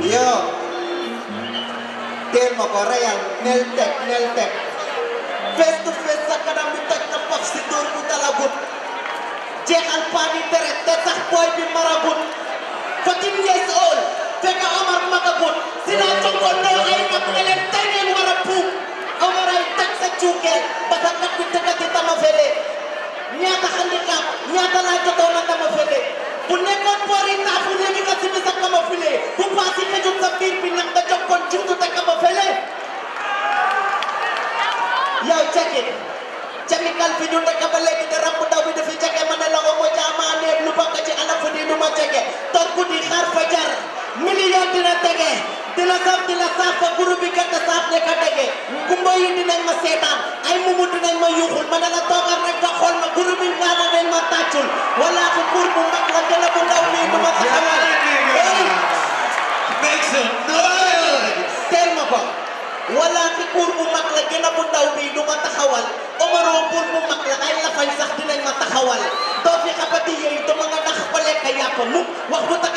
Yo. Termo Korea, Neltek, Neltek. Face to face akan mi tak kapak si dur mu talagut. Jekan pani tere tetak boy bin marabut, 14 years old. Teka Omar magagut. Sina chongo no ay makelen tengen warapu. Omar ay tak sa chuke. Batakat kita mavele. Nyata handicap, nyata na jotonan tamavele. Punekan po ñu nekk bi dafi jege ma ne la ko dina tege di saaf di saaf ba groupe bi saaf ne ka tege kumba yi dinañ ma seetaan ay mumu dinañ ma yuuxul ma ne la toogal rek nga ma groupe bi ñaanal ma tàccul wala ko pour bu mag la gën a bu ndaw nii pemuk waktu tak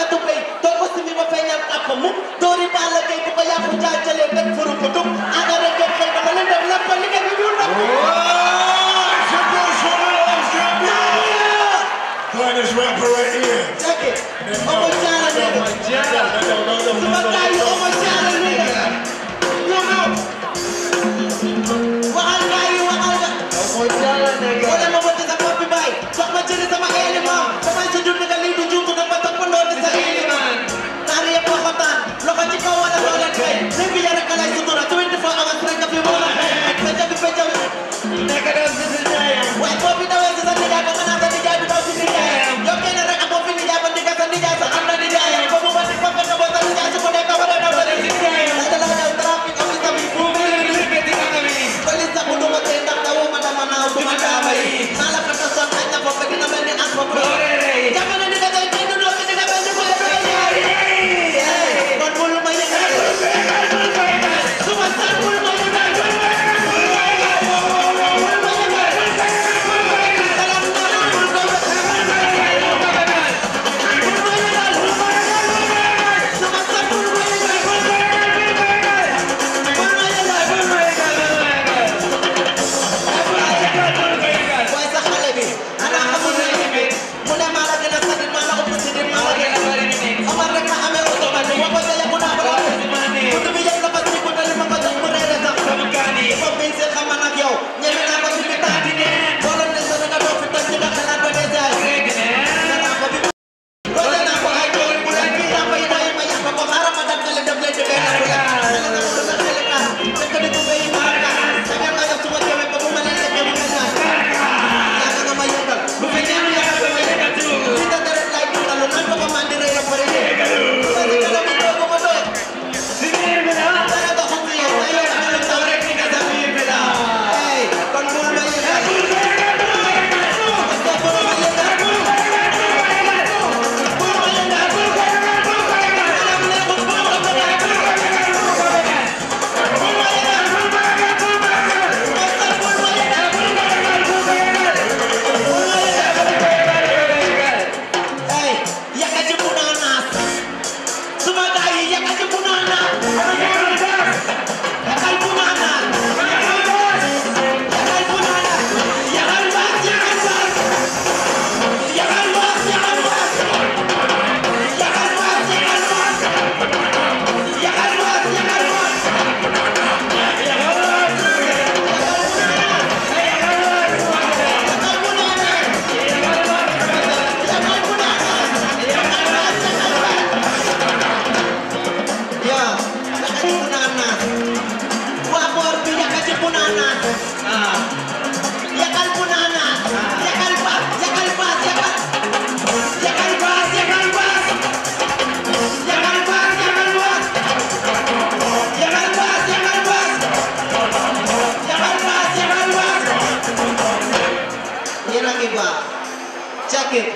jaket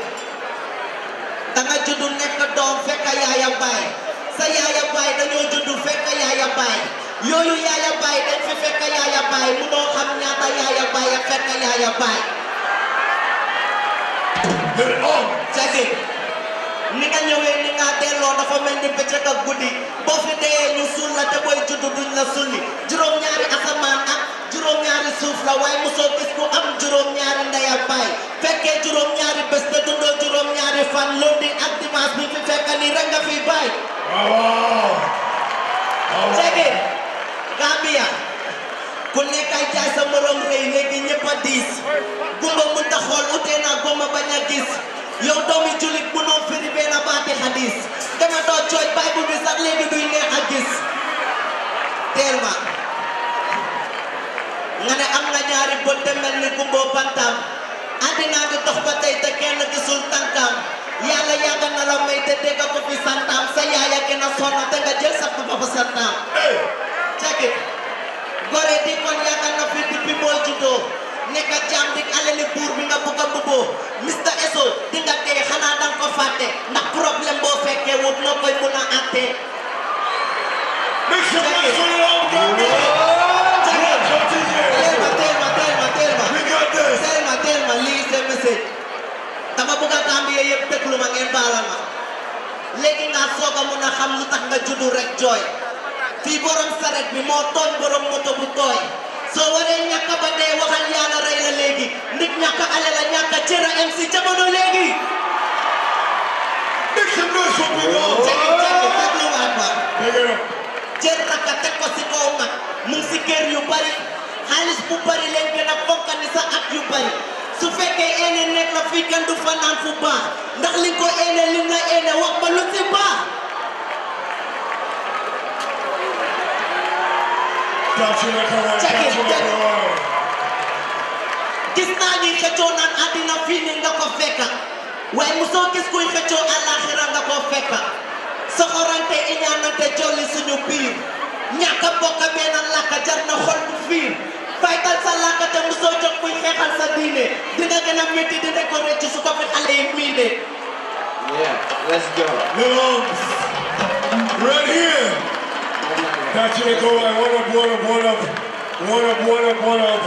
Tangan judul judulnya kedong fek kaya ayam baik saya ayam baik dan yo judul fek kaya ayam baik yo yo ayam baik dan fek kaya ayam baik mu do xam ya ayam baik fek kaya ayam baik ni nga ñëwee ni nga delloo dafa mel ni ak guddi boo fi dee ñu suul la te duñ la sulli ñaari ak ñaari suuf la gis am juróom ñaari ndey ak baay fekkee ñaari ñaari fan lundi ak dimanche bi fi fekk ni rek nga fiy bàyyi. waaw waaw. Gambia ku nekk ay jaay sa morom gumba mun ta xool utee naa gomma gis yow doomi julit hadis dama toog cooj bible bi sax léegi duñ neex a gis teel Ngane am nga ñaari bët te mel ni gumboo bantaam àddinaa di dox ba tay te kenn gisul Yalla ya yàgg na la may te dégg ko fi santam sa yaaya gën na sonna te nga jël sa papa fa Check it. gore di kon yàgg na fi depuis moo juddoo nekk jàmm di Lagi nga kamu a mun xam lu nga juddu rek joy fii borom saret bi moo tooñ borom moto bu tooy soo waree ñàkk ba dee waxal rey la léegi nit ñàkk ale la ñàkk cër a MC jamono léegi. dégg nga loolu foog ñu ñëw. jërëjëf jërëjëf dégluwaat ma. jër rakka teg ko si kaw mag mu si na fii kenn du fanaan fu baax ndax li gis naa ni xëccoo naan àddina fii ni nga ko fekka waaye mosoo gis kuy xëccoo àllaaxira nga ko fekka soxorante iñaanante jolli suñu biir ñàkk a bokk benn làkk jar na xol bu fiir faytal sa làkk te mosoo jox kuy xeexal sa diine dina gën a métti Let's go. Right here. Patrick, go. up, one up, one up. One up, one up, one up.